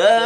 حتى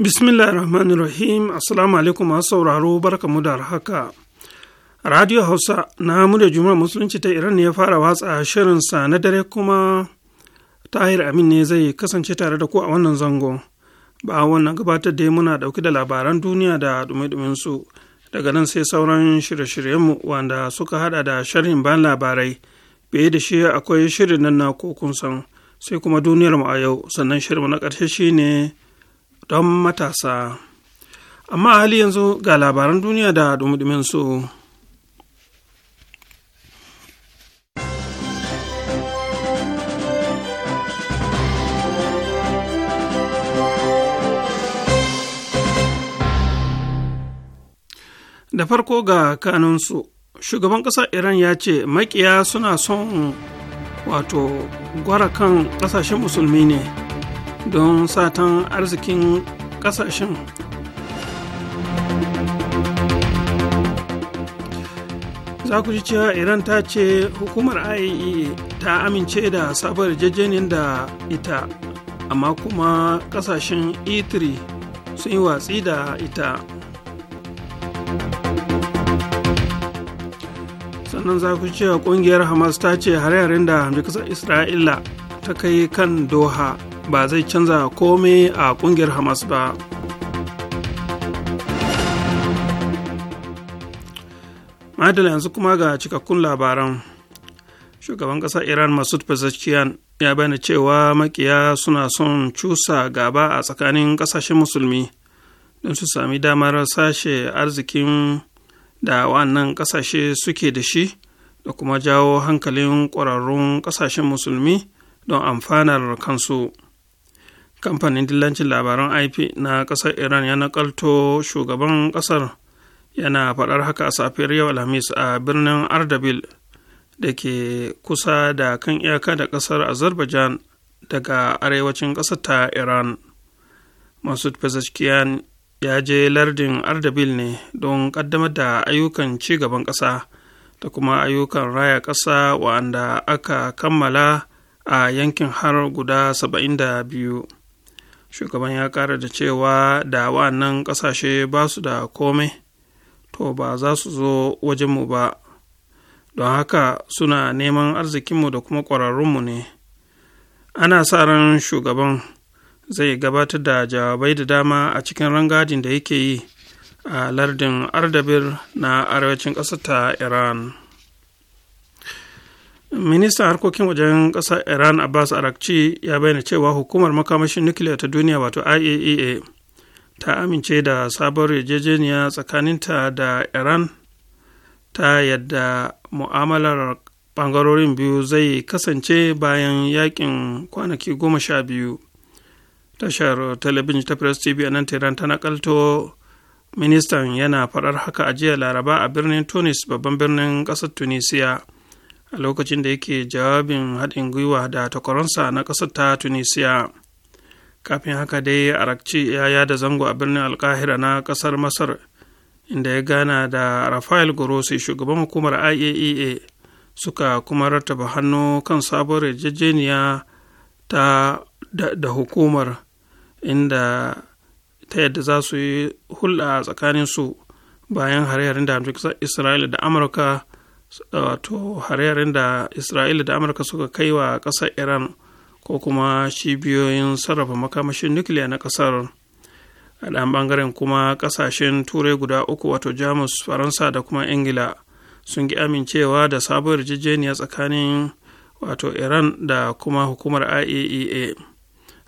Bismillahir Rahim, Assalamu alaikum masu sauraro barkamu da haka. Radio Hausa na murya Jumhuriyar Musulunci ta Iran ne ya fara watsa shirinsa na dare kuma Tahir Amin ne zai kasance tare da ku a wannan zango. Ba wannan gabatar da muna dauki da labaran duniya da dumi su daga nan sai sauran shirye-shiryenmu wanda suka hada da sharhin ban labarai. bai da shi akwai shirin nan na kokun san sai kuma duniyarmu a yau sannan shirin na ƙarshe shine ne don matasa. Amma hali yanzu ga labaran duniya da dumudumin su. Da farko ga kanunsu, shugaban ƙasar Iran ya ce makiya suna son wato gwara kan ƙasashen musulmi ne. don satan arzikin kasashen za ku ji cewa iran ta ce hukumar iaea e ta amince da sabon jejenin da ita amma kuma kasashen e3 sun yi watsi da ita sannan za ku cewa kungiyar hamas ta ce hare-haren da hamdukasar isra'ila ta kai kan doha ba zai canza komai a ƙungiyar hamas ba madala yanzu kuma ga cikakkun labaran shugaban ƙasar iran masud pezeshkian ya bayyana cewa makiya suna son cusa gaba a tsakanin ƙasashen musulmi don su sami damar sashe arzikin da wannan ƙasashe suke da shi da kuma jawo hankalin ƙwararrun ƙasashen musulmi don amfanar kansu. kamfanin dillancin labaran ip na ƙasar iran ya nakalto shugaban ƙasar yana faɗar haka a safiyar yau alhamis a birnin ardabil da ke kusa da kan iyaka da ƙasar azerbaijan daga arewacin ƙasar ta iran masud pezeshkian ya je lardin ardabil ne don ƙaddamar da ayyukan ci gaban ƙasa da kuma ayyukan raya ƙasa wa'anda aka kammala a yankin har guda 72 shugaban ya ƙara da cewa da wannan ƙasashe ba su da komai to ba za su zo wajenmu ba don haka suna neman arzikinmu da kuma ƙwararrunmu ne ana sa ran shugaban zai gabatar da jawabai da dama a cikin rangadin da yake yi a lardin ardabir na arewacin ƙasar ta iran ministan harkokin wajen ƙasa iran abbas arakci ya bayyana cewa hukumar makamashin nukiliya ta duniya wato iaea e ta amince da sabuwar yarjejeniya tsakaninta da iran ta yadda mu'amalar bangarorin biyu zai kasance bayan yakin kwanaki goma sha biyu tashar talabijin ta press tv a nan tehran ta nakalto ministan yana faɗar haka a laraba a birnin tunis babban birnin ƙasar tunisia a lokacin da yake jawabin haɗin gwiwa da takwaransa na ƙasar ta tunisiya kafin haka dai arakci ya yada zango a birnin alkahira na ƙasar masar inda ya gana da rafael grossi shugaban hukumar iaea e suka kuma rattaba hannu kan sabuwar yarjejeniya ta da, hukumar inda ta yadda za su yi hulɗa tsakanin su bayan hare-haren da isra'ila da amurka wato hare-haren da isra'ila da amurka suka kai wa ƙasar iran ko kuma cibiyoyin sarrafa makamashin nukiliya na ƙasar a ɗan ɓangaren kuma ƙasashen turai guda uku wato jamus faransa da kuma ingila sun ki amincewa da sabon yarjejeniya tsakanin wato iran da kuma hukumar iaea e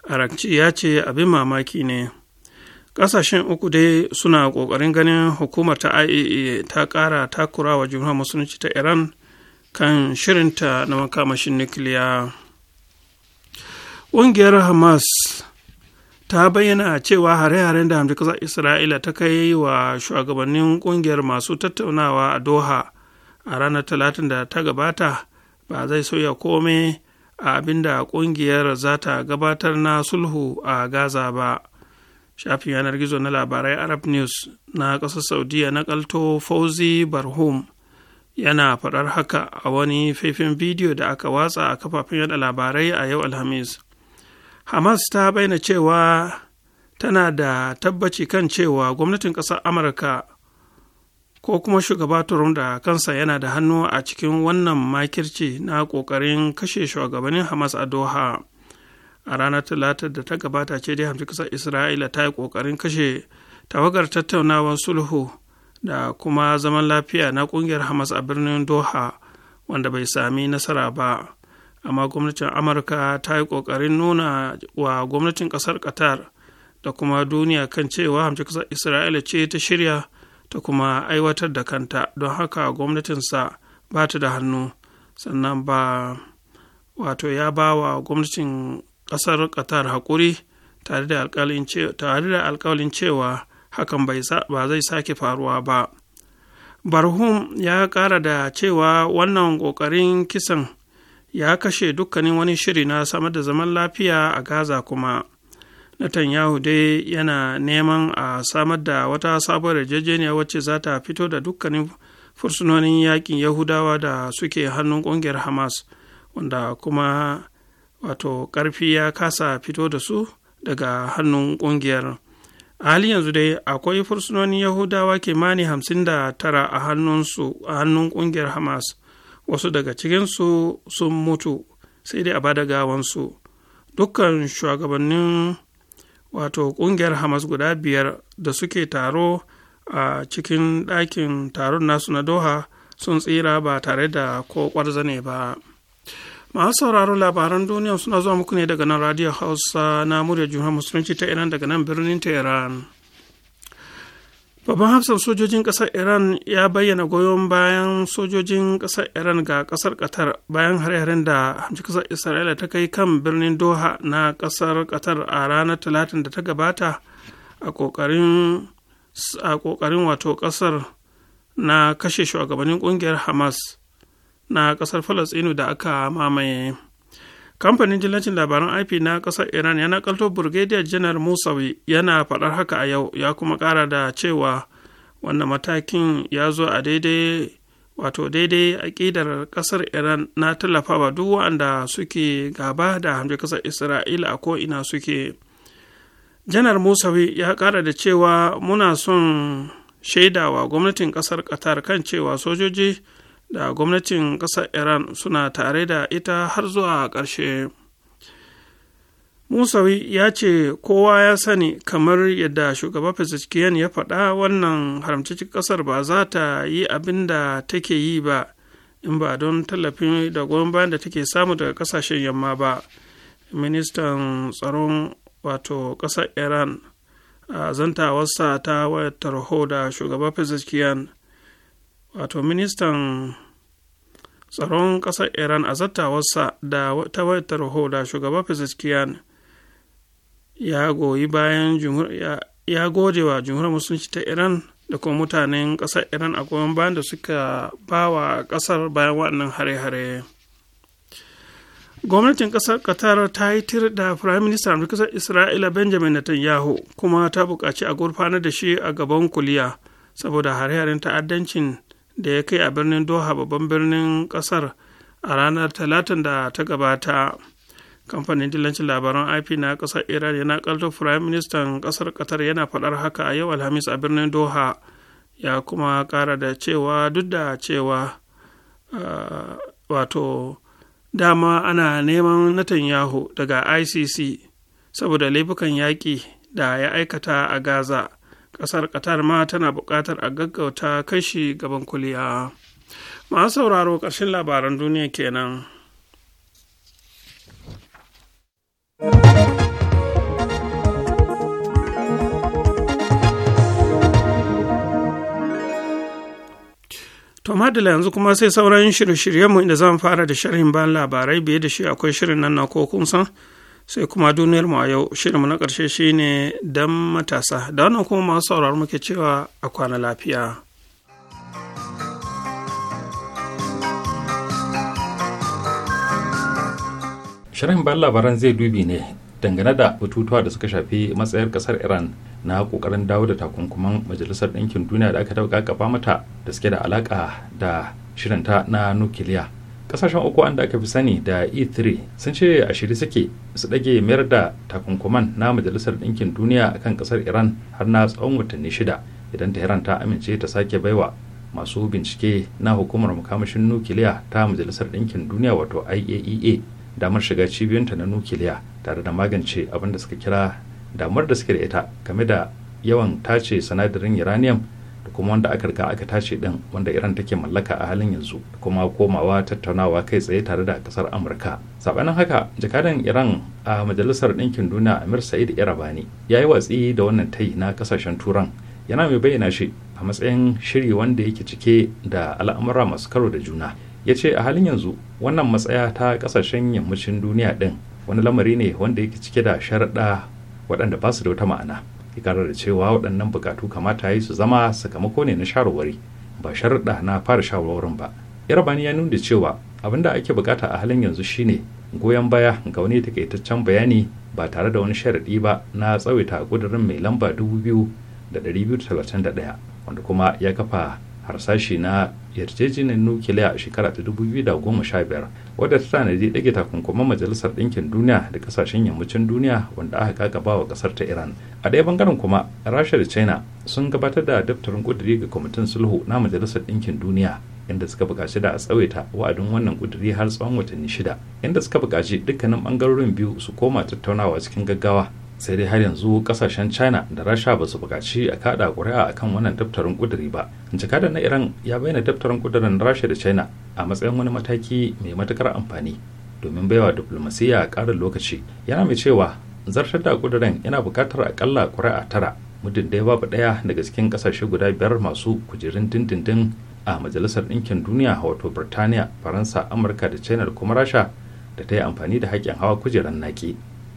arakci ya ce abin mamaki ne ƙasashen uku dai suna ƙoƙarin ganin hukumar ta iaea ta ƙara takura wa jumhuriyar musulunci ta iran kan shirinta na makamashin nukiliya ƙungiyar hamas ta bayyana cewa hare-haren da hamdukasar isra'ila ta kai wa shugabannin ƙungiyar masu tattaunawa a doha a ranar talatin da ta gabata ba zai sauya komai a abinda ƙungiyar za ta gabatar na sulhu a gaza ba shafin yanar gizo na labarai arab news na ƙasar saudiya na kalto fauzi barhum yana faɗar haka a wani faifin bidiyo da aka watsa a kafafen yada labarai a yau alhamis hamas ta bayyana cewa tana da tabbaci kan cewa gwamnatin ƙasar amurka ko kuma shugaba trump da kansa yana da hannu a cikin wannan makirci na ƙoƙarin kashe shugabannin hamas a doha a ranar talatar da ta gabata ce dai hamsin kasar isra'ila ta yi ƙoƙarin kashe tawagar tattaunawar sulhu da kuma zaman lafiya na ƙungiyar hamas a birnin doha wanda bai sami nasara ba amma gwamnatin amurka ta yi ƙoƙarin nuna wa gwamnatin ƙasar qatar da kuma duniya kan cewa hamsin kasar isra'ila ce ta shirya ta kuma aiwatar da kanta don haka gwamnatinsa ba ta da hannu sannan ba wato ya ba wa gwamnatin ƙasar qatar haƙuri tare da alƙalin cewa hakan ba zai sake faruwa ba barhum ya ƙara da cewa wannan ƙoƙarin kisan ya kashe dukkanin wani shiri na samar da zaman lafiya a gaza kuma netanyahu dai yana neman a samar da wata sabuwar yarjejeniya wacce za ta fito da dukkanin fursunonin yakin yahudawa da suke hannun ƙungiyar hamas wanda kuma wato ƙarfi ya kasa fito da su daga hannun ƙungiyar a hali yanzu dai akwai fursunonin yahudawa kimani hamsin da tara a hannun ƙungiyar hamas wasu daga cikinsu sun mutu sai dai a bada gawansu dukkan shugabannin wato ƙungiyar hamas guda biyar da suke taro a cikin ɗakin taron nasu na doha sun tsira ba tare da ko ƙwarzane ba. masu sauraro labaran duniya suna zuwa muku ne daga nan radio hausa na murya juna musulunci ta iran daga nan birnin tehran babban hafsan sojojin kasar iran ya bayyana goyon bayan sojojin kasar iran ga kasar qatar bayan hare-haren da hamci kasar isra'ila ta kai kan birnin doha na kasar qatar a ranar talatin da ta gabata a kokarin wato kasar na kashe shugabannin kungiyar hamas na ƙasar falasɗinu da aka mamaye kamfanin dillacin labaran ip na ƙasar iran yana kalto brigadier janar musawi yana faɗar haka a yau ya kuma ƙara da cewa wannan matakin ya zo a daidai wato daidai aƙidar ƙasar iran na tallafawa duk waɗanda suke gaba da hamshe ƙasar isra'ila a ko'ina suke janar musawi ya ƙara da cewa muna son shaidawa gwamnatin ƙasar qatar kan cewa sojoji da gwamnatin ƙasar iran suna tare da ita har zuwa ƙarshe musawi ya ce kowa ya sani kamar yadda shugaba Pezeshkian ya faɗa wannan haramcicin ƙasar ba za ta yi abin da take yi ba in ba don tallafi da goyon bayan da take samu daga ƙasashen yamma ba ministan tsaron wato ƙasar iran a zantawarsa ta wayar tarho da shugaba Pezeshkian wato ministan tsaron ƙasar iran a zattawarsa da ta wayar da shugaba Pezeshkian ya goyi bayan ya gode wa jumhuriyar musulunci ta iran da kuma mutanen ƙasar iran a goyon bayan da suka ba wa ƙasar bayan waɗannan hare-hare gwamnatin ƙasar qatar ta yi tir da firayim ministan amurka isra'ila benjamin netanyahu kuma ta buƙaci a gurfanar da shi a gaban kuliya saboda hare-haren ta'addancin da ya kai a birnin doha babban birnin kasar a ranar talatin da ta gabata kamfanin dillancin labaran ip na kasar iran yana kalto prime minister kasar qatar yana faɗar haka a yau alhamis a birnin doha ya kuma ƙara da cewa duk da cewa wato dama ana neman netanyahu daga icc saboda laifukan yaƙi da ya aikata a gaza ƙasar qatar ma tana buƙatar a gaggauta kashi gaban kuliya masu sauraro ƙarshen labaran duniya kenan. To madala yanzu kuma sai sauran shirye-shiryenmu inda zan fara da sharhin bayan labarai biye da shi akwai shirin nan na ko sai kuma duniyar mu a yau shirinmu na ƙarshe shine dan matasa da wannan kuma masu sauraron muke cewa a kwana lafiya. shirin bayan labaran zai dubi ne dangane da batutuwa da suka shafi matsayar kasar iran na kokarin dawo da takunkuman majalisar ɗinkin duniya da aka dauka gaba mata da suke da alaka da shirinta na nukiliya kasashen uku wanda aka fi sani da e3 sun ce a shirye suke su ɗage mayar da takunkuman na majalisar ɗinkin duniya akan ƙasar iran har na tsawon watanni shida idan tehran ta amince ta sake baiwa masu bincike na hukumar makamashin nukiliya ta majalisar ɗinkin duniya wato iaea e damar shiga cibiyunta na nukiliya tare da magance abin da suka kira damar da suke da ita game da yawan tace sinadarin uranium kuma wanda aka riga aka tashi din wanda iran take mallaka a halin yanzu kuma komawa tattaunawa kai tsaye tare da kasar amurka sabanin haka jakadan iran a majalisar ɗinkin duniya amir sa'id irabani ya yi watsi da wannan tayi na kasashen turan yana mai bayyana shi a matsayin shiri wanda yake cike da al'amura masu karo da juna ya ce a halin yanzu wannan matsaya ta kasashen yammacin duniya din wani lamari ne wanda yake cike da sharaɗa waɗanda ba su da wata ma'ana ikarar da cewa waɗannan bukatu kamata ya yi su zama sakamako ne na shawarwari ba sharuɗa na fara shawarwarin ba yarbani ya nuna cewa abin da ake bukata a halin yanzu shine goyon baya ga wani takaitaccen bayani ba tare da wani sharaɗi ba na tsawaita ƙudurin mai lamba 2231 wanda kuma ya kafa harsashi na yarjejeniyar nukiliya a shekara ta 2015 wadda ta tanadi dage takunkuman majalisar ɗinkin duniya da ƙasashen yammacin duniya wanda aka gaba wa ƙasar ta iran a ɗaya bangaren kuma rasha da china sun gabatar da daftarin ƙuduri ga kwamitin sulhu na majalisar ɗinkin duniya inda suka buƙaci da a tsawaita wa'adin wannan ƙuduri har tsawon watanni shida inda suka buƙaci dukkanin ɓangarorin biyu su koma tattaunawa cikin gaggawa sai dai har yanzu kasashen china da rasha ba su bukaci a kada ƙuri'a akan wannan daftarin ƙuduri ba jakada na iran ya bayyana daftarin ƙudurin rasha da china a matsayin wani mataki mai matukar amfani domin baiwa diplomasiya ƙarin lokaci yana mai cewa zartar da ƙudurin yana bukatar akalla ƙuri'a tara muddin dai babu ɗaya daga cikin ƙasashe guda biyar masu kujerun dindindin a majalisar ɗinkin duniya wato birtaniya faransa amurka da china da kuma rasha da ta yi amfani da haƙƙin hawa kujerar naƙi.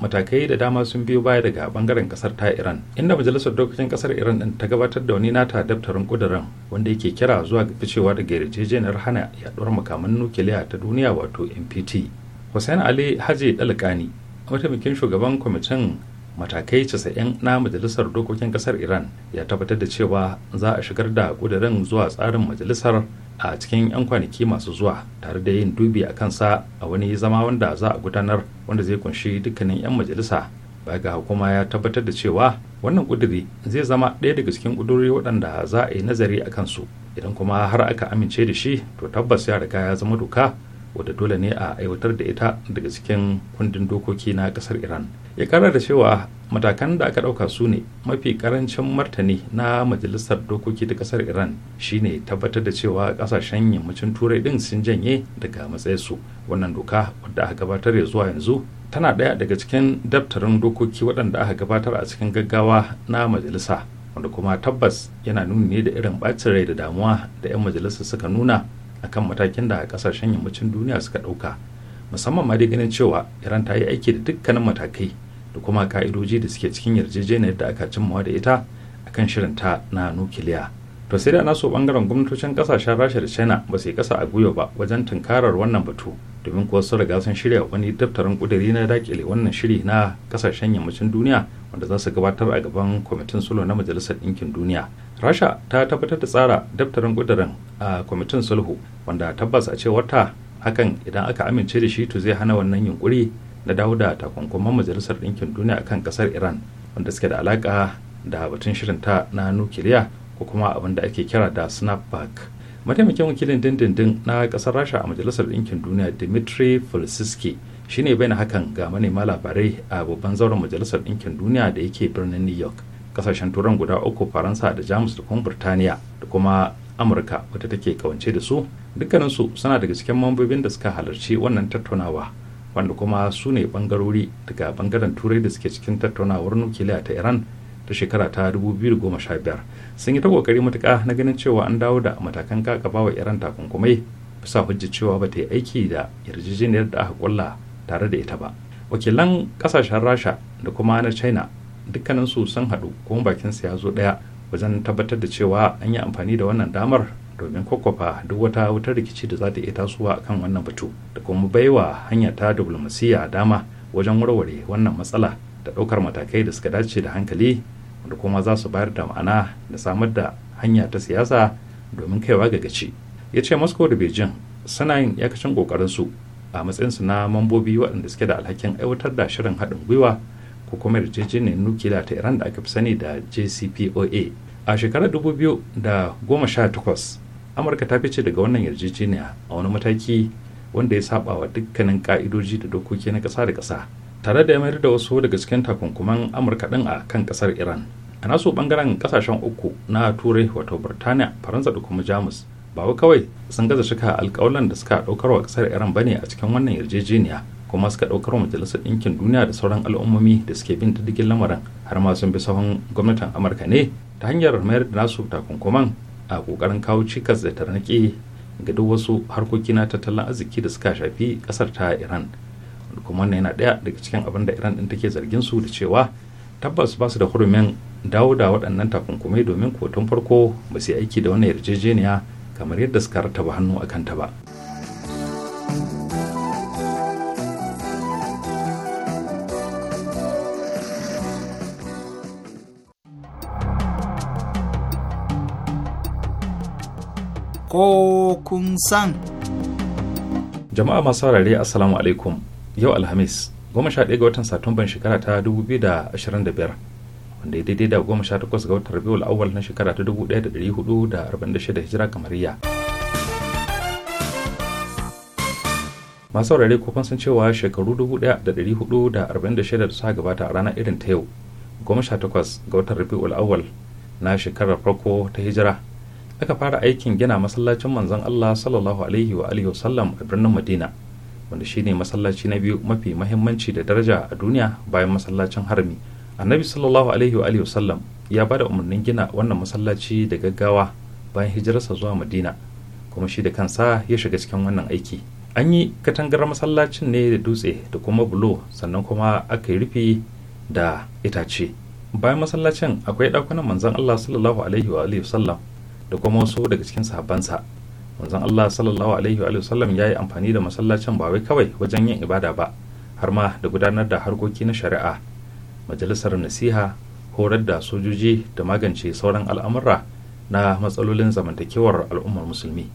matakai da dama sun biyo baya daga bangaren kasar ta iran inda majalisar dokokin kasar iran din ta gabatar da wani nata daftarin kudirin wanda yake kira zuwa ga ficewa daga yarjejeniyar hana yaduwar makaman nukiliya ta duniya wato npt hussein ali haji dalkani mataimakin shugaban kwamitin matakai 90 na majalisar dokokin kasar iran ya tabbatar da cewa za a shigar da kudirin zuwa tsarin majalisar a cikin 'yan kwanaki masu zuwa tare da yin dubi a kansa a wani zama wanda za a gudanar wanda zai kunshi dukkanin 'yan majalisa baya ga hukuma ya tabbatar da cewa wannan kuduri zai zama ɗaya daga cikin kuduri waɗanda za a yi nazari a kansu idan kuma har aka amince da shi to tabbas ya riga ya zama doka wadda dole ne a aiwatar da ita daga cikin kundin dokoki na kasar iran ya kara da cewa matakan da aka dauka su ne mafi karancin martani na majalisar dokoki ta kasar iran shine tabbatar da cewa kasashen yammacin turai din sun janye daga matsayinsu wannan doka wadda aka gabatar ya zuwa yanzu tana daya daga cikin daftarin dokoki waɗanda aka gabatar a cikin gaggawa na majalisa wanda kuma tabbas yana nuni ne da irin bacin rai da damuwa da 'yan majalisa suka nuna akan matakin da kasashen yammacin duniya suka ɗauka musamman ma dai ganin cewa iran ta yi aiki da dukkanin matakai da kuma ka'idoji da suke cikin yarjejeniyar da aka cimmawa da ita akan shirin ta na nukiliya to sai da na so bangaren gwamnatocin kasashen rasha da china ba su yi kasa a gwiwa ba wajen tunkarar wannan batu domin kuwa sun riga sun shirya wani daftarin kudiri na dakile wannan shiri na kasashen yammacin duniya wanda za su gabatar a gaban kwamitin sulo na majalisar ɗinkin duniya rasha ta tabbatar da tsara daftarin kudirin a kwamitin sulhu wanda tabbas a cewar ta hakan idan aka amince da shi to zai hana wannan yunkuri na dawo da takunkuman majalisar ɗinkin duniya akan ƙasar iran wanda suke da alaka da batun shirin ta na nukiliya ko kuma abin da ake kira da snapback mataimakin wakilin dindindin na ƙasar rasha a majalisar ɗinkin duniya dimitri fulsiski shine na hakan ga manema labarai a babban zauren majalisar ɗinkin duniya da yake birnin new york kasashen turan guda uku faransa da jamus da kuma burtaniya da kuma amurka wata take kawance da su dukkaninsu suna daga cikin mambobin da suka halarci wannan tattaunawa wanda kuma su ne bangarori daga bangaren turai da suke cikin tattaunawar nukiliya ta iran ta shekara ta 2015 sun yi ta kokari matuka na ganin cewa an dawo da matakan kakaba wa iran takunkumai bisa hujjar cewa ba ta yi aiki da yarjejeniyar da aka kulla tare da ita ba wakilan kasashen rasha da kuma na china su sun haɗu kuma bakin ya zo ɗaya wajen tabbatar da cewa an yi amfani da wannan damar domin kwakwafa duk wata wutar rikici da za ta iya tasowa kan wannan batu da kuma baiwa hanya ta diflomasiyya dama wajen warware wannan matsala da ɗaukar matakai da suka dace da hankali wanda kuma za su bayar da ma'ana da samar da hanya ta siyasa domin kaiwa ga gaci ya ce moscow da beijing suna yin yakacin kokarin su a matsayin su na mambobi waɗanda suke da alhakin aiwatar da shirin haɗin gwiwa ko kuma yarjejeniyar nukiliya ta iran da aka fi sani da jcpoa a shekarar 2018 amurka ta fice daga wannan yarjejeniya a wani mataki wanda ya saba wa dukkanin ka'idoji da dokoki na kasa da kasa. tare da mayar da wasu daga cikin takunkuman amurka din a kan kasar iran a naso bangaren kasashen uku na turai wato birtaniya faransa da kuma jamus ba kawai sun gaza shika alkawalan da suka daukar wa kasar iran bane a cikin wannan yarjejeniya kuma suka ɗaukar wa majalisar ɗinkin duniya da sauran al'ummomi da suke bin diddigin lamarin har ma sun bi sahun gwamnatin amurka ne ta hanyar mayar da nasu takunkuman a ƙoƙarin kawo cikas da tarnaƙi ga duk wasu harkoki na tattalin arziki da suka shafi ƙasar ta iran kuma wannan yana ɗaya daga cikin abin da iran ɗin take zargin su da cewa tabbas ba su da hurumin dawo da waɗannan takunkumai domin kotun farko ba su yi aiki da wannan yarjejeniya kamar yadda suka rataba hannu a kanta ba. ko kun san. Jama'a masu saurare Assalamu alaikum yau Alhamis goma sha ɗaya ga watan Satumban shekara ta dubu biyu da ashirin da biyar wanda ya daidai da goma sha takwas ga watan Rabiul Awwal na shekara ta dubu ɗaya da ɗari hudu da arba'in da shida hijira kamariya. Masu saurare ko san cewa shekaru dubu ɗaya da ɗari hudu da arba'in da shida da suka gabata a ranar irin ta yau goma sha takwas ga watan Rabiul Awwal na shekarar farko ta hijira aka fara aikin gina masallacin manzon Allah sallallahu alaihi wa alihi wasallam a birnin Madina wanda shine masallaci na biyu mafi mahimmanci da daraja a duniya bayan masallacin harami annabi sallallahu alaihi wa alihi wasallam ya bada umarnin gina wannan masallaci da gaggawa bayan hijirarsa zuwa Madina kuma shi da kansa ya shiga cikin wannan aiki an yi katangar masallacin ne da dutse da kuma bulo sannan kuma aka yi rufi da itace bayan masallacin akwai ɗakunan manzon Allah sallallahu alaihi wa alihi wasallam da kuma wasu daga cikin sahabbansa manzon Allah sallallahu alaihi wa sallam ya yi amfani da masallacin ba wai kawai wajen yin ibada ba har ma da gudanar da harkoki na shari'a majalisar nasiha horar da sojoji da magance sauran al'amura na matsalolin zamantakewar al'ummar musulmi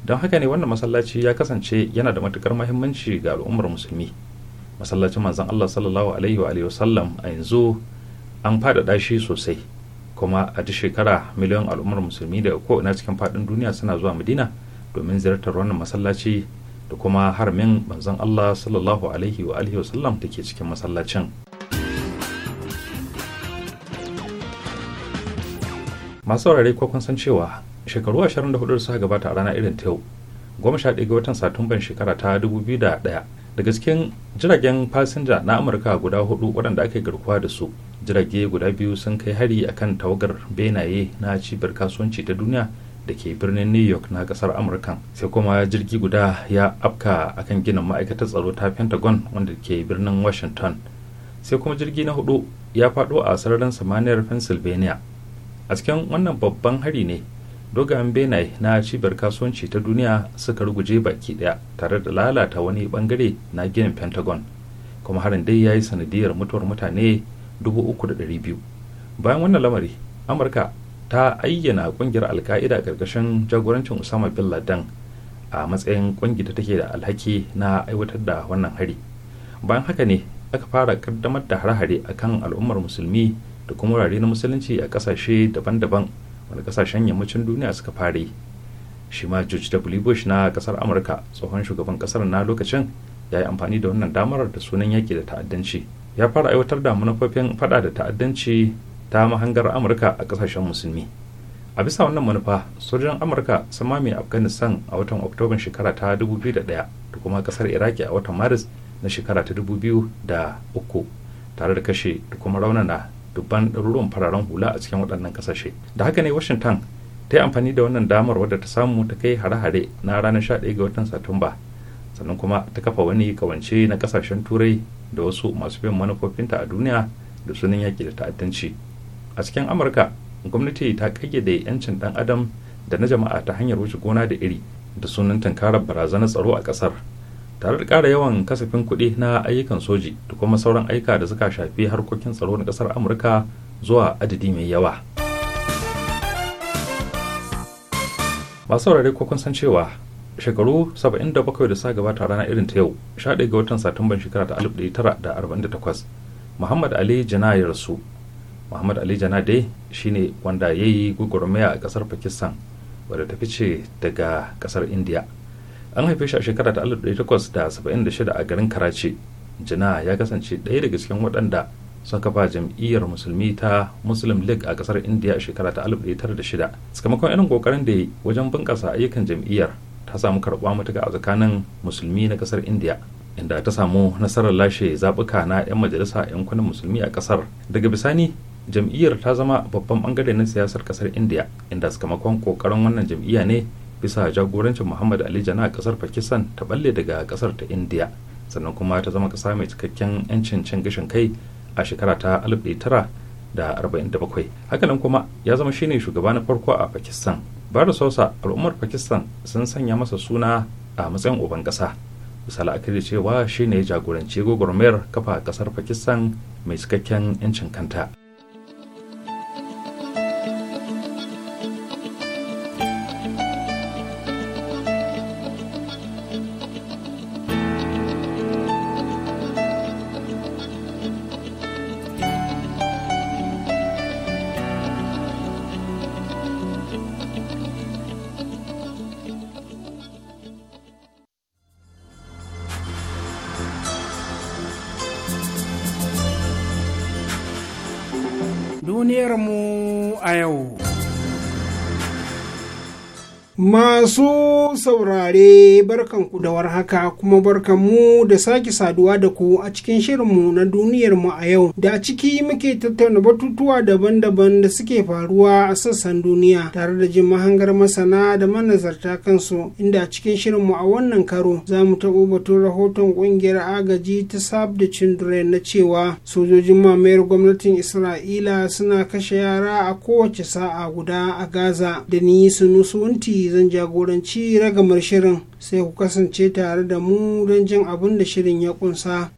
don haka ne wannan masallaci ya kasance yana da matukar mahimmanci ga al'ummar musulmi masallacin manzon Allah sallallahu alaihi wa sallam a yanzu an faɗaɗa shi sosai kuma a duk shekara miliyan al'ummar musulmi daga ko'ina cikin faɗin duniya suna zuwa madina domin ziyartar wannan masallaci da kuma haramin manzon allah sallallahu alaihi wa alihi wasallam da ke cikin masallacin masu saurare ko kun san cewa shekaru 24 da suka gabata a rana irin ta yau goma sha ga watan satumban shekara ta 2001 daga cikin jiragen fasinja na amurka guda hudu waɗanda aka garkuwa da su jirage guda biyu sun kai hari akan tawagar benaye na cibiyar kasuwanci ta duniya da ke birnin new york na kasar amurka sai kuma jirgi guda ya afka akan ginin ma'aikatar tsaro ta pentagon wanda ke birnin washington sai kuma jirgi na hudu ya fado a sararin samaniyar pennsylvania a cikin wannan babban hari ne dogayen benai na cibiyar kasuwanci ta duniya suka ruguje baki daya tare da lalata wani bangare na ginin pentagon kuma harin dai ya yi sanadiyar mutuwar mutane 3,200 bayan wannan lamari amurka ta ayyana kungiyar alka'ida karkashin jagorancin usama bin laden a matsayin kungiyar da take da alhaki na aiwatar da wannan hari bayan haka ne aka fara kaddamar da hare-hare akan al'ummar musulmi da kuma wurare na musulunci a kasashe daban-daban wani kasashen yammacin duniya suka fara yi shi ma george w bush na kasar amurka tsohon shugaban kasar na lokacin ya yi amfani da wannan damar da sunan yaki da ta'addanci ya fara aiwatar da manufofin fada da ta'addanci ta mahangar amurka a kasashen musulmi a bisa wannan manufa sojan amurka sun mamaye afghanistan a watan oktoban shekara ta 2001 da kuma kasar iraki a watan maris na shekara ta da 2003 tare da kashe da kuma raunana dubban ɗaruruwan fararen hula a cikin waɗannan ƙasashe da haka ne washington ta yi amfani da wannan damar wadda ta samu ta kai hare-hare na ranar 11 ga watan satumba sannan kuma ta kafa wani kawance na ƙasashen turai da wasu masu bin manufofinta a duniya da sunan yaƙi da ta'addanci a cikin amurka gwamnati ta ƙayyade 'yancin ɗan adam da na jama'a ta hanyar wuce gona da iri da sunan tankarar barazanar tsaro a ƙasar tare da ƙara yawan kasafin kuɗi na ayyukan soji da kuma sauran aika da suka shafi harkokin tsaro na ƙasar amurka zuwa adadi mai yawa masu saurare ko kun san cewa shekaru 77 da sa gabata rana irin ta yau 11 ga watan satumban shekara ta 1948 muhammad ali jana ya rasu muhammad ali jana dai shine wanda ya yi gugurmaya a ƙasar pakistan wadda ta fice daga ƙasar india an haife shi a shekara ta 1876 a garin karachi jina ya kasance ɗaya daga cikin waɗanda sun kafa jam'iyyar musulmi ta muslim league a kasar india a shekara ta 1906 sakamakon irin kokarin da ya wajen bunƙasa ayyukan jam'iyyar ta samu karɓa matuka a tsakanin musulmi na kasar india inda ta samu nasarar lashe zaɓuka na 'yan majalisa a yankunan musulmi a kasar daga bisani jam'iyyar ta zama babban bangare na siyasar kasar india inda sakamakon kokarin wannan jam'iyya ne bisa jagorancin muhammad ali jana a kasar pakistan ta balle daga kasar ta india sannan kuma ta zama kasa mai cikakken 'yancin cin gashin kai a shekara ta 1947 hakanan kuma ya zama shine shugaba na farko a pakistan bara sosa al'ummar pakistan sun sanya masa suna a matsayin uban kasa misali a da cewa shine jagoranci gwagwarmayar kafa kasar pakistan mai cikakken 'yancin kanta masu saurare saurare barkanku da warhaka kuma mu da sake saduwa da ku a cikin shirinmu na duniyarmu a yau da a ciki muke tattauna batutuwa daban-daban da suke faruwa a sassan duniya tare da jin mahangar masana da manazarta kansu inda a cikin shirinmu a wannan karo za mu taɓo batun rahoton ƙungiyar agaji ta sab da children na cewa sojojin mamayar gwamnatin isra'ila suna kashe yara a kowace sa'a guda a gaza da ni sunusunti zan jagoranci hira gamar shirin sai ku kasance tare da mu don jin abin da shirin ya ƙunsa.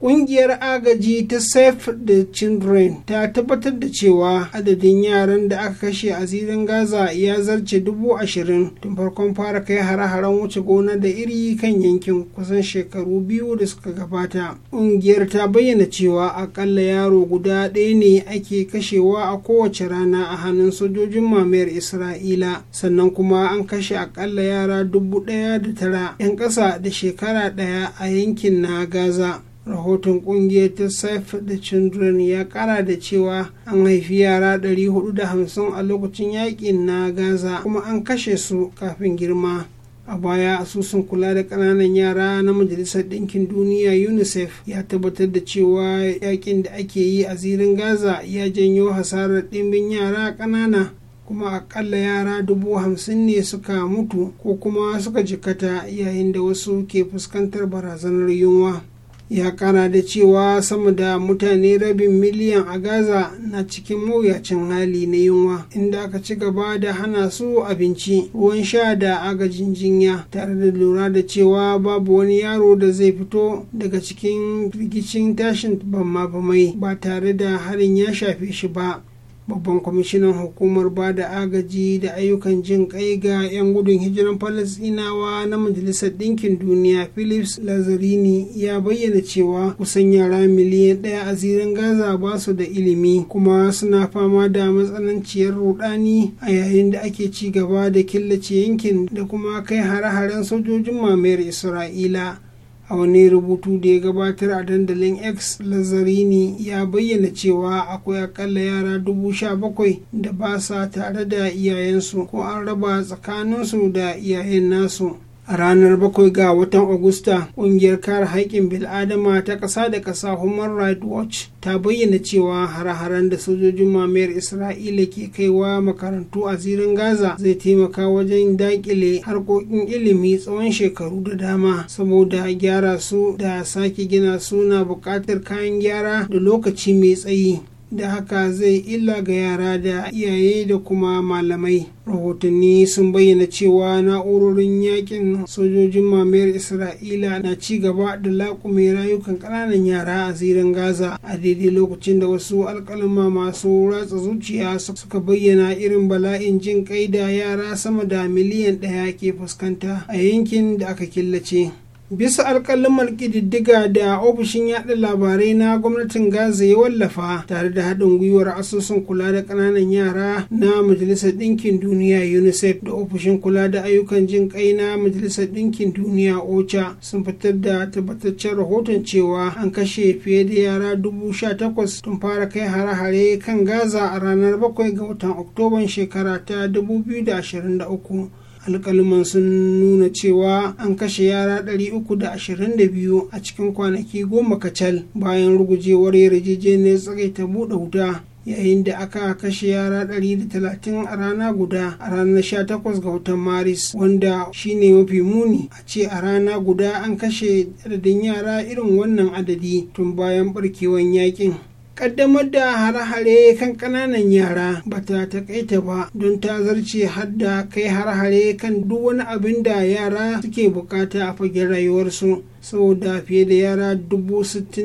Ƙungiyar agaji ta Save the Children ta tabbatar da cewa adadin yaran da aka kashe a zirin Gaza ya zarce dubu ashirin tun farkon fara kai hare-haren wuce gona da iri kan yankin kusan shekaru biyu da suka gabata. Ƙungiyar ta bayyana cewa akalla yaro guda ɗaya ne ake kashewa a kowace rana a hannun sojojin mamayar Isra'ila sannan kuma an kashe akalla yara dubu ɗaya da tara 'yan ƙasa da shekara ɗaya a yankin na Gaza. rahoton kungiyar ta save the children ya kara da cewa an haifi yara 450 a lokacin yakin na gaza kuma an kashe su kafin girma a baya asusun kula da kananan yara na majalisar ɗinkin duniya unicef ya tabbatar da cewa yakin da ake yi a zirin gaza ya janyo hasarar ɗimbin yara kanana kuma akalla yara dubu hamsin ne suka mutu ko kuma suka jikata yayin da wasu ke fuskantar barazanar yunwa ya kara da cewa sama da mutane rabin miliyan a gaza na cikin mawuyacin hali na yunwa inda aka ci gaba da hana su abinci ruwan sha da agajin jinya tare da lura da cewa babu wani yaro da zai fito daga cikin rikicin tashin mafamai ba tare da harin ya shafe shi ba babban kwamishinan hukumar ba da agaji da ayyukan jin kai ga 'yan gudun hijiran falasinawa na majalisar ɗinkin duniya philips lazarini ya bayyana cewa kusan yara miliyan ɗaya a zirin gaza ba su da ilimi kuma suna fama da matsananciyar rudani a yayin da ake ci gaba da killace yankin da kuma kai hare-haren sojojin mamayar isra'ila a wani rubutu da ya gabatar a dandalin x lazarini ya bayyana cewa akwai akalla yara dubu sha bakwai da ba sa tare da iyayensu ko an raba tsakaninsu da iyayen nasu a ranar 7 ga watan Agusta ƙungiyar kare haƙƙin bil'adama ta ƙasa da ƙasa Human Rights Watch ta bayyana cewa hare-haren da sojojin mamayar Isra'ila ke kaiwa makarantu a zirin Gaza zai taimaka wajen daƙile harkokin ilimi tsawon shekaru da dama saboda gyara su da sake gina su na buƙatar kayan gyara da lokaci mai tsayi. da haka zai illa ga yara da iyaye da kuma malamai rahotanni sun bayyana cewa na'urorin yakin sojojin mamayar isra'ila na ci gaba da laƙume rayukan ƙananan yara a zirin gaza a daidai lokacin da wasu alƙalma masu ratsa zuciya suka bayyana irin bala'in jin kai da yara sama da miliyan ɗaya ke fuskanta a yankin da aka killace bisa alƙalin diddiga da ofishin yaɗa labarai na gwamnatin gaza ya wallafa tare da haɗin gwiwar asusun kula da ƙananan yara na majalisar ɗinkin duniya unicef da ofishin kula da ayyukan jin ƙai na majalisar ɗinkin duniya ocha sun fitar da tabbataccen rahoton cewa an kashe fiye da yara dubu sha takwas tun fara kai hare-hare kan gaza a ranar bakwai ga watan oktoban shekara ta dubu biyu da ashirin da uku alkaliman sun nuna cewa an kashe yara 322 a cikin kwanaki goma kacal bayan rugujewar yarjejeniyar tsagaita buɗe wuta yayin da aka kashe yara 130 a rana guda a ranar 18 ga watan maris wanda shine mafi muni a ce a rana guda an kashe adadin yara irin wannan adadi tun bayan barkewan yakin kaddamar da harhare kan kananan yara ba ta takaita ba don ta zarce har da kai harhare kan duk wani abin da yara suke bukata a fagen rayuwarsu saboda fiye da yara dubu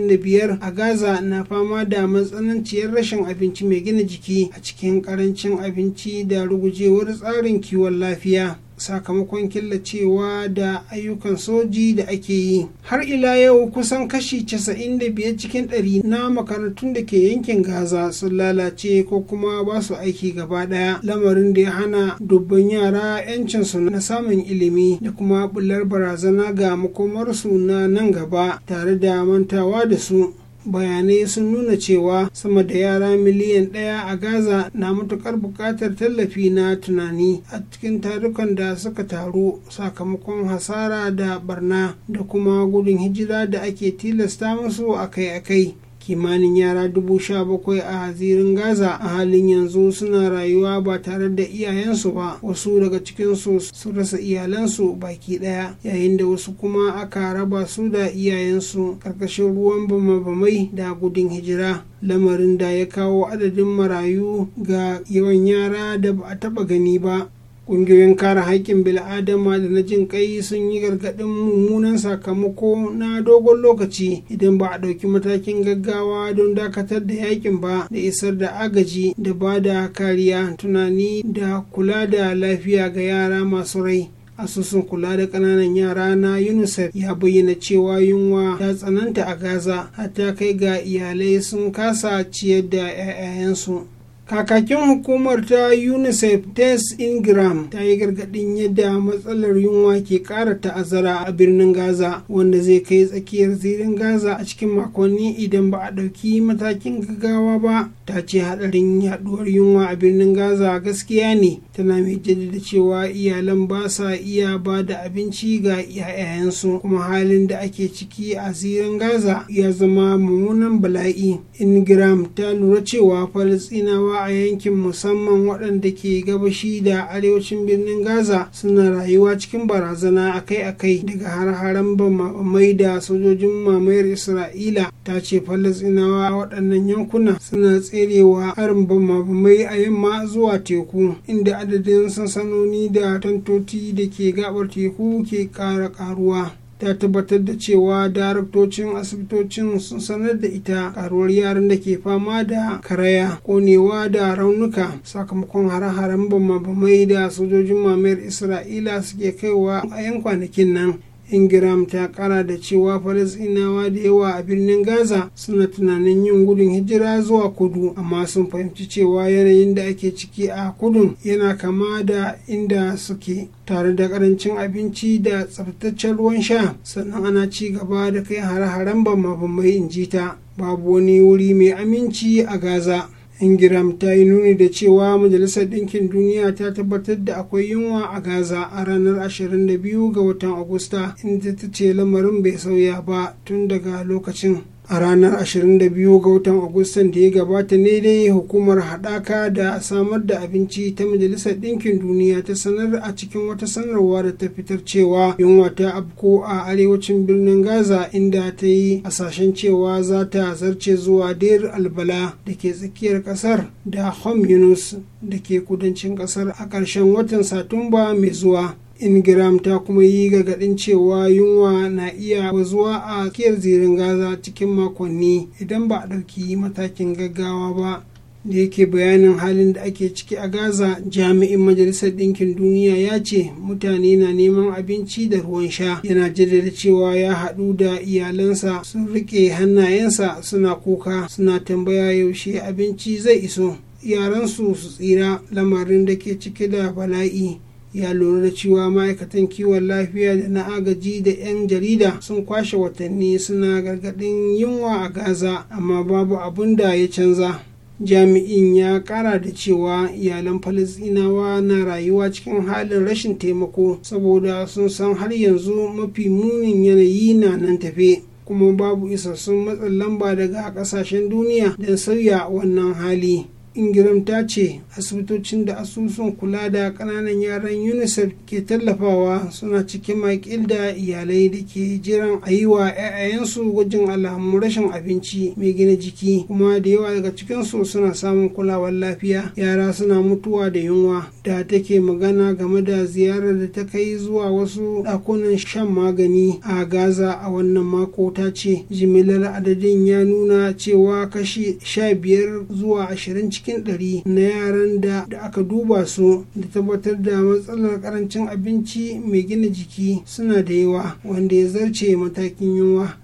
da biyar, a gaza na fama da matsananciyar rashin abinci mai gina jiki a cikin karancin abinci da rugujewar tsarin kiwon lafiya sakamakon killacewa da ayyukan soji da ake yi har ila yau kusan kashi 95 cikin 100 na makarantun da ke yankin gaza sun lalace ko kuma ba su aiki gaba daya lamarin da ya hana dubban yara 'yancinsu na samun ilimi da kuma bular barazana ga makomarsu na nan gaba tare da mantawa da su bayanai sun nuna cewa sama da yara miliyan ɗaya a gaza na matuƙar buƙatar tallafi na tunani a cikin tarukan da suka taru sakamakon hasara da barna da kuma gudun hijira da ake tilasta musu akai-akai kimanin yara dubu sha bakwai a hazirin gaza a halin yanzu suna rayuwa ba tare da iyayensu ba wasu daga cikinsu su rasa iyalansu baki daya yayin da wasu kuma aka raba su da iyayensu karkashin ruwan bama-bamai da gudun hijira lamarin da ya kawo adadin marayu ga yawan yara da ba a taba gani ba ƙungiyoyin kare haƙƙin bil'adama da na jin ƙai sun yi gargaɗin mummunan sakamako na dogon lokaci idan ba a ɗauki matakin gaggawa don dakatar da yaƙin ba da isar da agaji da ba da kariya tunani da kula da lafiya ga yara masu rai asusun kula da ƙananan yara na unicef ya bayyana cewa yunwa ta tsananta a gaza hatta kai ga iyalai sun kasa ciyar da 'ya'yansu kakakin hukumar ta unicef tess ingram ta yi gargadin yadda matsalar yunwa ke kara ta'azzara a birnin gaza wanda zai kai tsakiyar zirin gaza a cikin makonni idan ba a ɗauki matakin gaggawa ba ta ce hadarin yaduwar yunwa a birnin gaza gaskiya ne tana mai jaddada cewa iyalan ba sa iya ba da abinci ga yayayansu kuma halin da ake ciki a zirin gaza ya zama mummunan bala'i ingram ta lura cewa falastinawa a yankin musamman waɗanda ke gabashi da arewacin birnin gaza suna rayuwa cikin barazana akai-akai daga har-haren mai da sojojin mamayar isra'ila ta ce falastinawa waɗannan yankuna suna tserewa harin bamabamai a yamma zuwa teku inda adadin sansanoni da tantoti da ke gabar teku ke kara karuwa. ta tabbatar da cewa daraktocin asibitocin sun sanar da ita karuwar yaran da ke fama da karaya konewa da raunuka sakamakon hare-haren bama da sojojin mamayar isra'ila suke kaiwa a yan kwanakin nan Ingram ta kara da cewa falasinawa da yawa a birnin gaza suna tunanin yin gudun hijira zuwa kudu amma sun fahimci cewa yanayin da ake ciki a kudun yana kama da inda suke tare da karancin abinci da tsabtaccen ruwan sha sannan ana ci gaba da kai hare-haren bambamai in ji ta babu wani wuri mai aminci a gaza ingiram ta yi nuni da cewa majalisar ɗinkin duniya ta tabbatar da akwai yunwa a gaza a ranar 22 ga watan agusta inda ta ce lamarin bai sauya ba tun daga lokacin a ranar 22 ga watan agustan da ya gabata ne dai hukumar haɗaka da samar da abinci ta majalisar ɗinkin duniya ta sanar a cikin wata sanarwa da ta fitar cewa yunwa ta afko a arewacin birnin gaza inda ta yi hasashen cewa za ta zarce zuwa deir albala da ke tsakiyar Kasar da hom yunus da ke kudancin Kasar a ƙarshen watan satumba mai zuwa ingram ta kuma yi gargaɗin cewa yunwa na iya bazuwa a kiyar zirin gaza cikin makonni idan ba a ɗauki matakin gaggawa ba da yake bayanin halin da ake ciki a gaza jami'in majalisar ɗinkin duniya ya ce mutane na neman abinci da ruwan sha yana jaddada cewa ya haɗu da iyalansa sun riƙe hannayensa suna kuka suna tambaya yaushe abinci zai iso yaransu su tsira lamarin da ke cike da bala'i ya lura da cewa ma'aikatan kiwon lafiya na agaji da 'yan jarida sun kwashe watanni suna gargadin yunwa a gaza amma babu abun da ya canza jami'in ya kara da cewa iyalan falasinawa na rayuwa cikin halin rashin taimako saboda sun san har yanzu mafi munin yanayi na nan tafe kuma babu isassun matsin lamba daga kasashen duniya don sauya wannan hali ingiram ta ce asibitocin da asusun kula da kananan yaran unicef ke tallafawa suna cikin makil da iyalai da ke jiran a yi wa yayansu gwajin alamun rashin abinci mai gina jiki kuma da yawa daga cikinsu suna samun kulawar lafiya yara suna mutuwa da yunwa da take magana game da ziyarar da ta kai zuwa wasu ɗakunan shan magani a gaza a wannan mako ta ce jimilar adadin ya nuna cewa kashi 15 zuwa 20 cikin ɗari na yaran da aka duba su da tabbatar da matsalar karancin abinci mai gina jiki suna da yawa wanda ya zarce matakin yunwa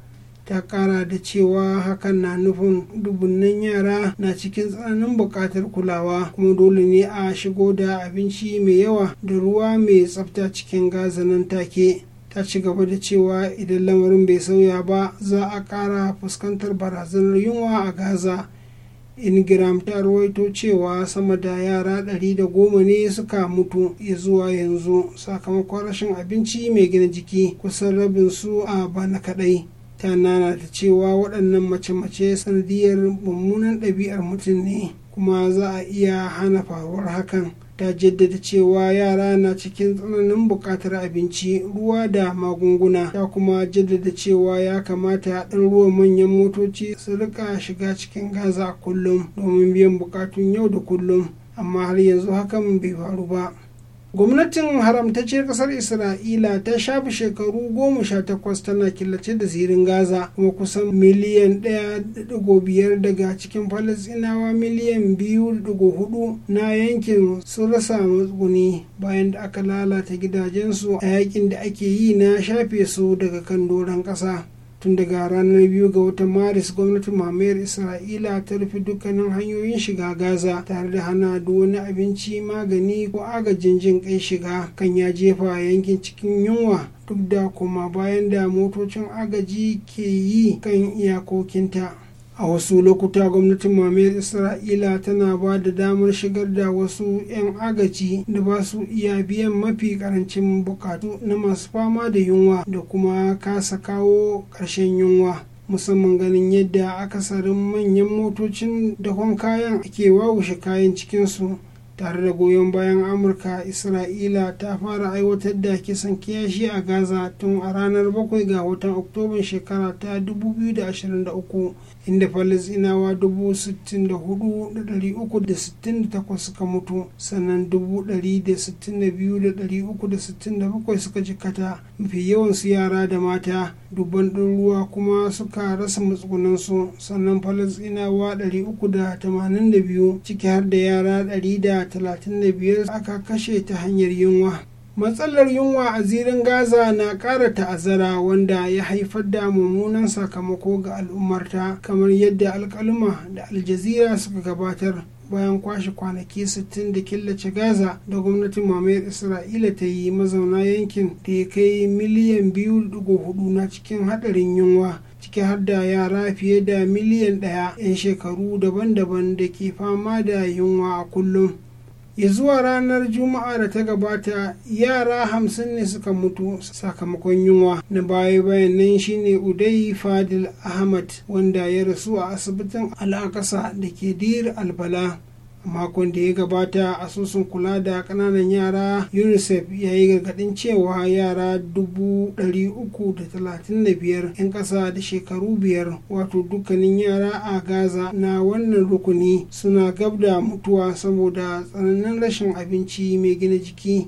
ta kara da cewa hakan na nufin dubunnan yara na cikin tsananin buƙatar kulawa kuma dole ne a shigo da abinci mai yawa da ruwa mai tsafta cikin gaza nan take ta ci gaba da cewa idan lamarin bai sauya ba za a kara fuskantar barazanar yunwa a gaza ingram ta rawaito cewa sama da yara 110 ne suka mutu ya zuwa yanzu sakamakon rashin abinci mai gina jiki kusan rabin su a bana kadai ta nana ta cewa waɗannan mace-mace sanadiyar mummunan ɗabi'ar mutum ne kuma za a iya hana faruwar hakan ta jaddada cewa yara na cikin tsananin buƙatar abinci ruwa da magunguna ta kuma jaddada cewa ya kamata ɗan ruwan manyan motoci su rika shiga cikin gaza kullum domin biyan buƙatun yau da kullum amma har yanzu hakan bai faru ba gwamnatin haramtacciyar kasar isra'ila ta shafi shekaru goma sha takwas tana killace da zirin gaza kuma kusan miliyan biyar daga cikin falasinawa miliyan hudu na yankin sun rasa matsuguni bayan da aka lalata gidajensu a yakin da ake yi na shafe su daga kan doron kasa tun daga ranar biyu ga watan maris gwamnatin mamayar isra'ila ta rufe dukkanin hanyoyin shiga gaza tare da hana duk wani abinci magani ko agajin jin kai shiga kan ya jefa yankin cikin yunwa duk da kuma bayan da motocin agaji ke yi kan iyakokinta a wasu lokuta gwamnatin mamayar isra'ila tana ba da damar shigar da wasu 'yan agaji da ba su iya biyan mafi karancin bukatu na masu fama da yunwa da kuma kasa kawo karshen yunwa musamman ganin yadda akasarin manyan motocin dakon kayan ake wawushe kayan cikinsu tare da goyon bayan amurka isra'ila ta fara aiwatar da kisan kiyashi a gaza tun a ranar 7 ga watan oktoban shekara ta 2023 inda falasinawa 64,368 suka mutu sannan 162,367 suka jikata mafi yawansu yara da mata dubban ruwa kuma suka rasa matsugunansu sannan falasinawa 382 ciki har da yara 135 aka kashe ta hanyar yunwa matsalar yunwa a zirin gaza na ƙara ta'azzara wanda ya haifar da mummunan sakamako ga al'ummarta kamar yadda alkaluma da aljazira suka gabatar bayan kwashe kwanaki 60 da killace gaza da gwamnatin mamayar isra'ila ta yi mazauna yankin da ya kai miliyan 2.4 na cikin hadarin yunwa ciki har da yara fiye da miliyan ɗaya 'yan shekaru daban-daban da ke fama da yunwa a kullum ya zuwa ranar juma'a da ta gabata yara hamsin ne suka mutu sakamakon yunwa na baya bayan nan shine udai fadil ahmad wanda ya rasu a asibitin al'akasa da ke dir albala makon da ya gabata asusun kula da kananan yara unicef ya yi gargadin cewa yara 335 'yan ƙasa da shekaru biyar wato dukkanin yara a gaza na wannan rukuni suna gab da mutuwa saboda tsananin rashin abinci mai gina jiki.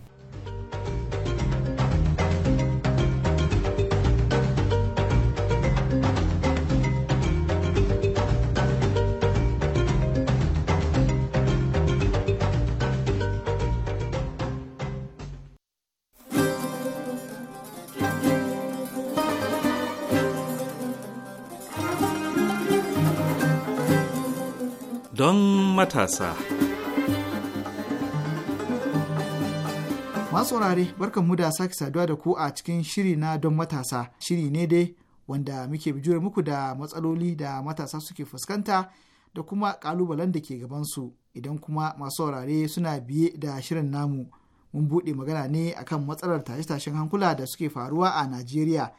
don matasa. Masu wurare barkan mu da sake saduwa da ku a cikin shiri na don matasa shiri ne dai wanda muke bijiyar muku da matsaloli da matasa suke fuskanta da kuma kalubalen da ke gabansu idan kuma masu wurare suna biye da shirin namu mun buɗe magana ne akan matsalar tashe-tashen hankula da suke faruwa a Najeriya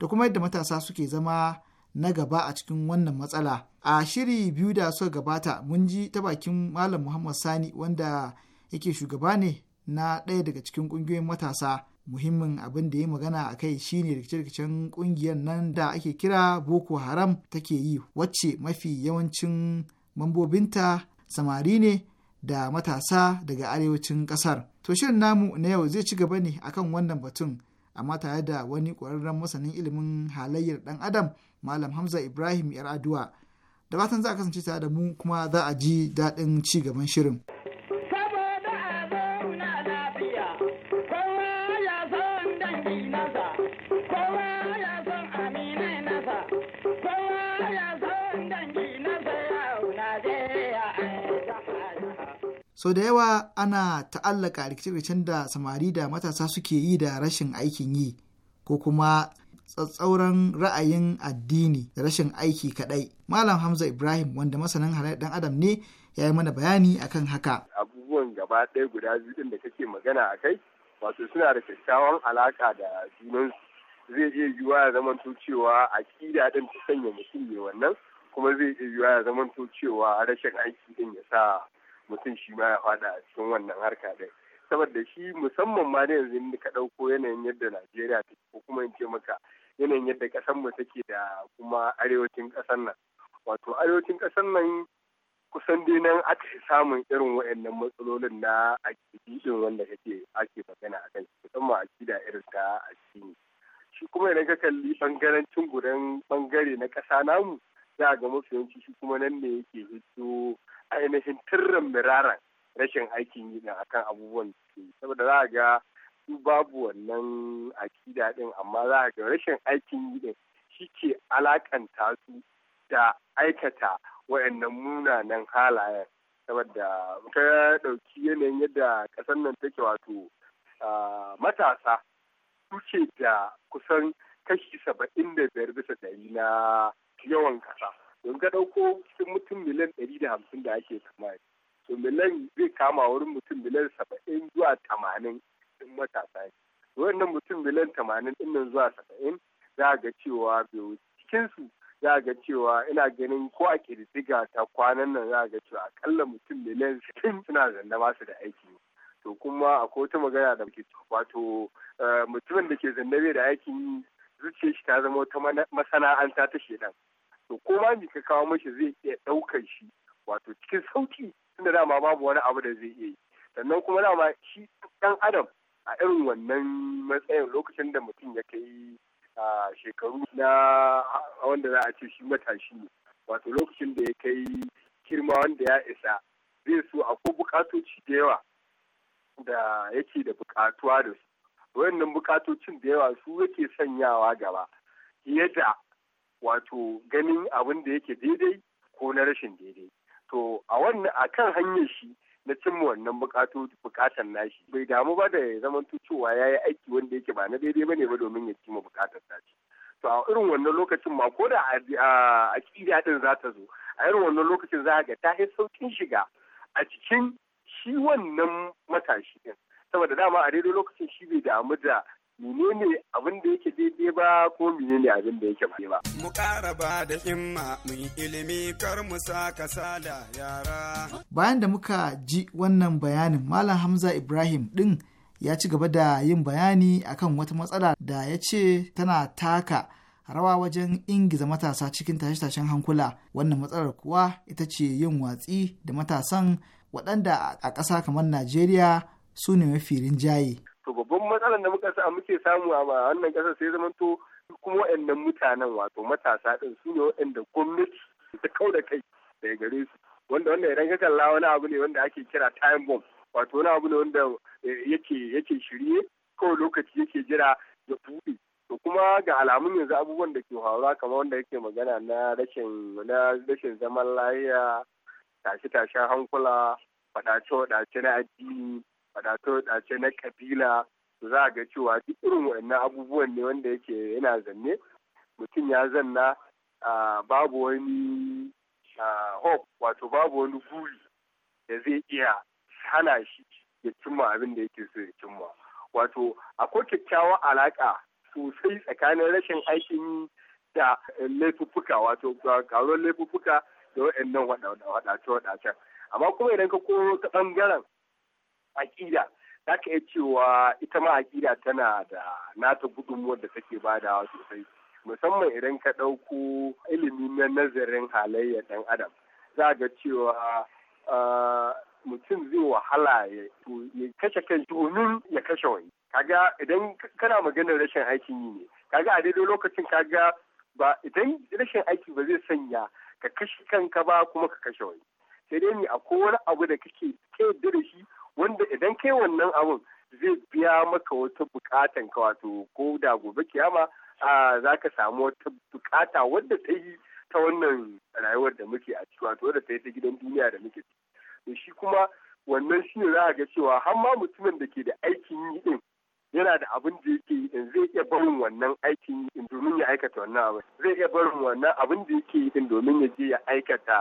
da kuma yadda matasa suke zama na gaba a cikin wannan matsala a shiri biyu da suka gabata mun ji ta bakin malam muhammad sani wanda yake shugaba ne na ɗaya daga cikin ƙungiyoyin matasa muhimmin abin da ya magana a kai shine rikice-rikicen ƙungiyar nan da ake kira boko haram take yi wacce mafi yawancin mambobinta samari ne da matasa daga arewacin ƙasar to shirin namu na yau zai ci gaba ne akan wannan batun amma tare da wani ƙwararren masanin ilimin halayyar ɗan adam malam hamza ibrahim yar adu'a da fatan za a kasance tare da mu kuma za a ji daɗin ci gaban shirin. sau da yawa ana ta'allaka rikice-rikicen da samari da matasa suke yi da rashin aikin yi ko kuma tsatsauran ra'ayin addini da rashin aiki kadai Malam Hamza Ibrahim wanda masanin halayyar dan Adam ne ya yi mana bayani akan haka. Abubuwan gaba ɗaya guda biyu ɗin da kake magana a kai wato suna da kyakkyawan alaƙa da junansu zai iya yiwuwa ya zamanto cewa aƙida ɗin ta sanya mutum ne wannan kuma zai iya yiwuwa ya cewa rashin aiki ɗin ya sa mutum shi ma ya faɗa a cikin wannan harka ɗin. saboda shi musamman ma da yanzu ka ɗauko yanayin yadda Najeriya ta ko kuma in ce maka yanayin yadda ƙasar mu take da kuma arewacin ƙasar nan wato arewacin ƙasar nan kusan dai nan aka samun irin waɗannan matsalolin na a din wanda kake ake magana a kan musamman aƙida irin ta addini shi kuma idan ka kalli bangarancin gudan bangare na ƙasa namu za a ga mafi yawanci shi kuma nan ne yake hito ainihin tirran miraran rashin aikin yi akan abubuwan saboda za a ga su babu wannan akida din amma za ga rashin aikin yi din shi ke alakanta su da aikata wayannan munanan halayen saboda ka ɗauki yanayin yadda ƙasar nan take wato matasa suke da kusan kashi saba'in da biyar bisa ɗari na yawan ƙasa don ka ɗauko cikin mutum miliyan ɗari da hamsin da ake kamar to miliyan zai kama wurin mutum miliyan saba'in zuwa tamanin ɗin matasa ne wannan mutum miliyan tamanin ɗin nan zuwa saba'in za ga cewa bai cikinsu za ga cewa ina ganin ko a ƙididdiga ta kwanan nan za ga cewa aƙalla mutum miliyan sittin suna zanna masu da aiki to kuma akwai wata magana da muke wato eh, mutumin da ke zanna bai da aikin zuciya shi ta zama wata masana'anta ta shedan to ko ma ka kawo mashi zai iya ɗaukar shi wato cikin sauki tunda dama babu wani abu da zai iya yi sannan kuma dama shi ɗan adam a irin wannan matsayin lokacin da mutum ya kai a shekaru na wanda za a ce shi matashi ne wato lokacin da ya kai kirma wanda ya isa zai so akwai bukatoci da yawa da yake da bukatuwa da su wayannan bukatocin da yawa su yake sanyawa gaba fiye da wato ganin abin da yake daidai ko na rashin daidai to a wannan a kan hanyar shi na cimma wannan bukatan nashi bai damu ba da zaman zamanto ya yi aiki wanda yake ba na daidai ba ne ba domin ya cimma bukatar nashi. to a irin wannan lokacin ma ko da a cikin din za ta zo a irin wannan lokacin za a ga ta yi saukin shiga a cikin shi wannan matashi ɗin, saboda dama a daidai lokacin shi bai damu da menene abin da yake daidai ba ko menene abin da yake ba. Mu ƙara ba da himma mu yi ilimi kar mu sa kasala yara. Bayan da muka ji wannan bayanin Malam Hamza Ibrahim ɗin ya ci gaba da yin bayani akan wata matsala da ya ce tana taka rawa wajen ingiza matasa cikin tashe-tashen hankula wannan matsalar kuwa ita ce yin watsi da matasan waɗanda a ƙasa kamar najeriya su ne mafi rinjaye to babban matsalar da muka sa muke samu a wannan kasar sai zamanto kuma waɗannan mutanen wato matasa ɗin su ne waɗanda gwamnati ta kau da kai daga gare su wanda wanda idan ka kalla wani abu ne wanda ake kira time bomb wato wani abu ne wanda eh, yake yake shirye kawai lokaci yake jira ya buɗe to kuma ga alamun yanzu abubuwan da ke faruwa kamar wanda yake magana na rashin na rashin zaman lafiya tashe-tashen hankula faɗace-faɗace na addini fadace-fadace na kabila za ga cewa duk irin wannan abubuwan ne wanda yake yana zanne mutum ya zanna babu wani hope wato babu wani buri da zai iya hana shi ya cimma abin da yake so ya cimma wato akwai kyakkyawar alaka sosai tsakanin rashin aikin da laifuffuka wato karuwar laifuffuka da waɗannan waɗace-waɗacen amma kuma idan ka koro ta ɓangaren aƙida za ka iya cewa ita ma aƙida tana da nata gudunmuwar da take badawa sosai musamman idan ka ɗauko ilimi na nazarin halayyar ɗan adam za ga cewa mutum zai wahala ya kashe kan domin ya kashe wani kaga idan kana maganar rashin aikin yi ne kaga a daidai lokacin kaga ba idan rashin aiki ba zai sanya ka kashe kanka ba kuma ka kashe wani sai dai ne a wani abu da kake kai da shi wanda idan kai wannan abun zai biya maka wata bukatan ka wato ko da gobe kiyama a za ka samu wata bukata wadda ta yi ta wannan rayuwar da muke a ciki wato wadda ta yi ta gidan duniya da muke ciki shi kuma wannan shi ne za a ga cewa har ma mutumin da ke da aikin yi din yana da abin da yake yi din zai iya barin wannan aikin yi domin ya aikata wannan abin zai iya barin wannan abin da yake yi din domin ya je ya aikata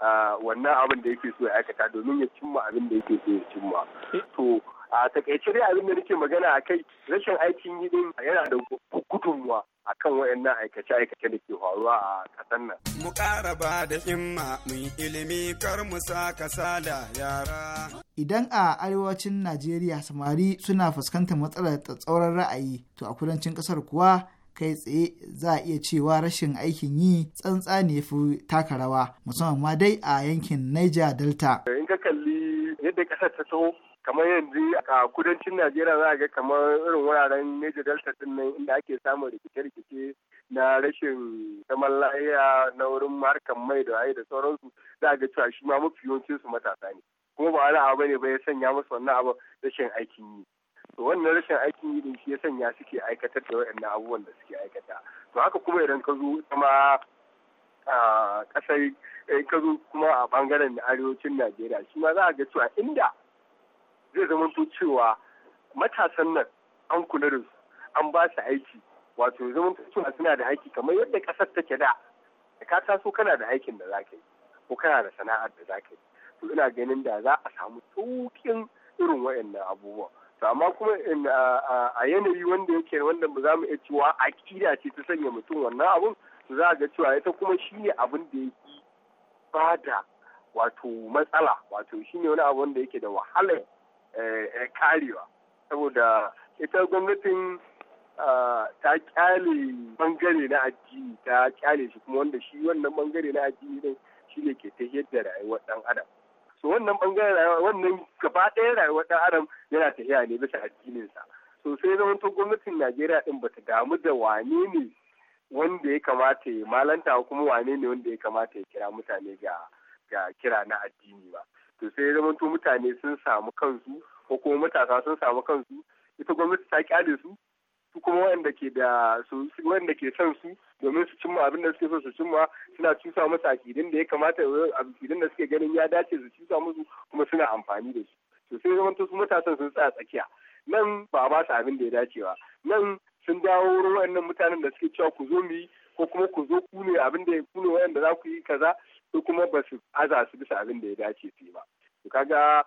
ah, wannan abin da yake so ya aikata domin ya cimma abin da yake so ya cimma eh. to a takaice dai abin da nake magana a kai rashin aikin yi din yana da gudunmuwa a kan waɗannan aikace-aikace da ke faruwa a ƙasar nan. Mu ƙara ba da himma mu yi ilimi kar mu sa kasala yara. Idan a arewacin Najeriya samari suna fuskantar matsalar tsatsauran ra'ayi to a kudancin ƙasar kuwa kai tsaye za a iya cewa rashin aikin yi tsantsa ne fi taka rawa musamman ma dai a yankin Niger Delta. In ka kalli yadda ƙasar ta taho kamar yanzu a kudancin najeriya za a ga kamar irin wuraren neja delta din nan inda ake samun rikice-rikice na rashin zaman lahiya na wurin harkar mai da ayi da sauransu za a ga cewa shi ma mafi yawancin su matasa ne kuma ba wani abu ne ba ya sanya musu wannan abu rashin aikin yi to wannan rashin aikin yi din shi ya sanya suke aikatar da waɗannan abubuwan da suke aikata to haka kuma idan ka zo kuma a ƙasar ka zo kuma a ɓangaren arewacin najeriya shi ma za a ga cewa inda zai zama to cewa matasan nan an kula da su an ba su aiki wato zama cewa suna da aiki kamar yadda ƙasar take da ka taso kana da aikin da zaka yi ko kana da sana'ar da zaka yi to ina ganin da za a samu sauƙin irin waɗannan abubuwa to amma kuma eh, a yanayi wanda yake wanda ba za mu iya cewa aƙida ce ta sanya mutum wannan abun to za a ga cewa ita kuma shine abin da yake ba da wato matsala wato shine wani abu wanda yake da wahalar Eh, eh, karewa saboda ita gwamnatin ah, ta kyale bangare na addini ta kyale shi kuma wanda shi wannan bangare na addini din shi ne ke ta da rayuwar dan adam so wannan bangare rayuwa wannan gaba ɗaya rayuwar dan adam yana tafiya ne bisa addininsa so sai zaman to gwamnatin najeriya din bata damu da wane ne wanda ya kamata ya malanta kuma wane ne wanda ya kamata ya kira mutane ga ga kira na addini ba to sai ya zamanto mutane sun samu kansu ko kuma matasa sun samu kansu ita gwamnati ta kyale su su kuma wanda ke da su wanda ke son su domin su cimma abin da suke so su cimma suna cusa masa akidin da ya kamata akidin da suke ganin ya dace su cusa musu kuma suna amfani da su to sai zamanto su matasan sun tsaya tsakiya nan ba a ba su abin da ya dace ba nan sun dawo wurin waɗannan mutanen da suke cewa ku zo mu yi ko kuma ku zo ku ne abin da ku ne waɗanda za ku yi kaza su kuma ba su aza su bisa abin da ya dace su yi ba to kaga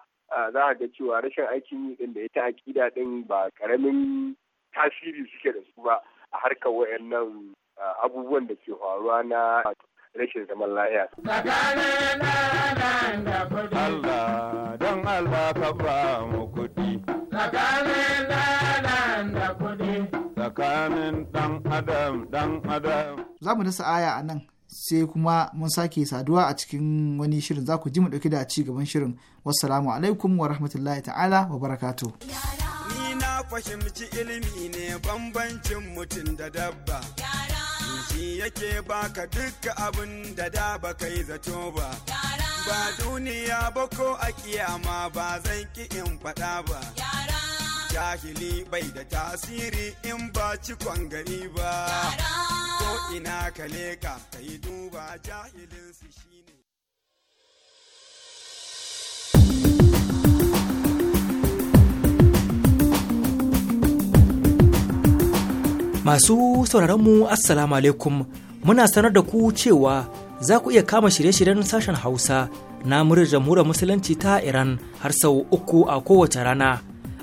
za a ga cewa rashin aikin yi din da ta aƙida din ba karamin tasiri suke da su ba a harkar wayannan abubuwan da ke faruwa na rashin zaman lafiya. Allah don Allah ka ba mu kuɗi. Tsakanin ɗan adam ɗan adam. Za mu dasa aya a nan sai kuma mun sake saduwa a cikin wani shirin za ku ji mu dauki da ci gaban shirin wassalamu alaikum wa rahmatullahi ta'ala wa barakatu ni na fahimci ilimi ne bambancin mutum da dabba shi yake baka dukkan abin da da baka yi zato ba ba duniya ba ko a kiyama ba zan ki in faɗa ba jahili bai da tasiri in ba cikon gari ba ko ina ka leka ka yi duba jahilin su shine Masu sauraron mu Assalamu alaikum muna sanar da ku cewa za ku iya kama shirye-shiryen sashen Hausa na muryar jamhuriyar Musulunci ta Iran har sau uku a kowace rana.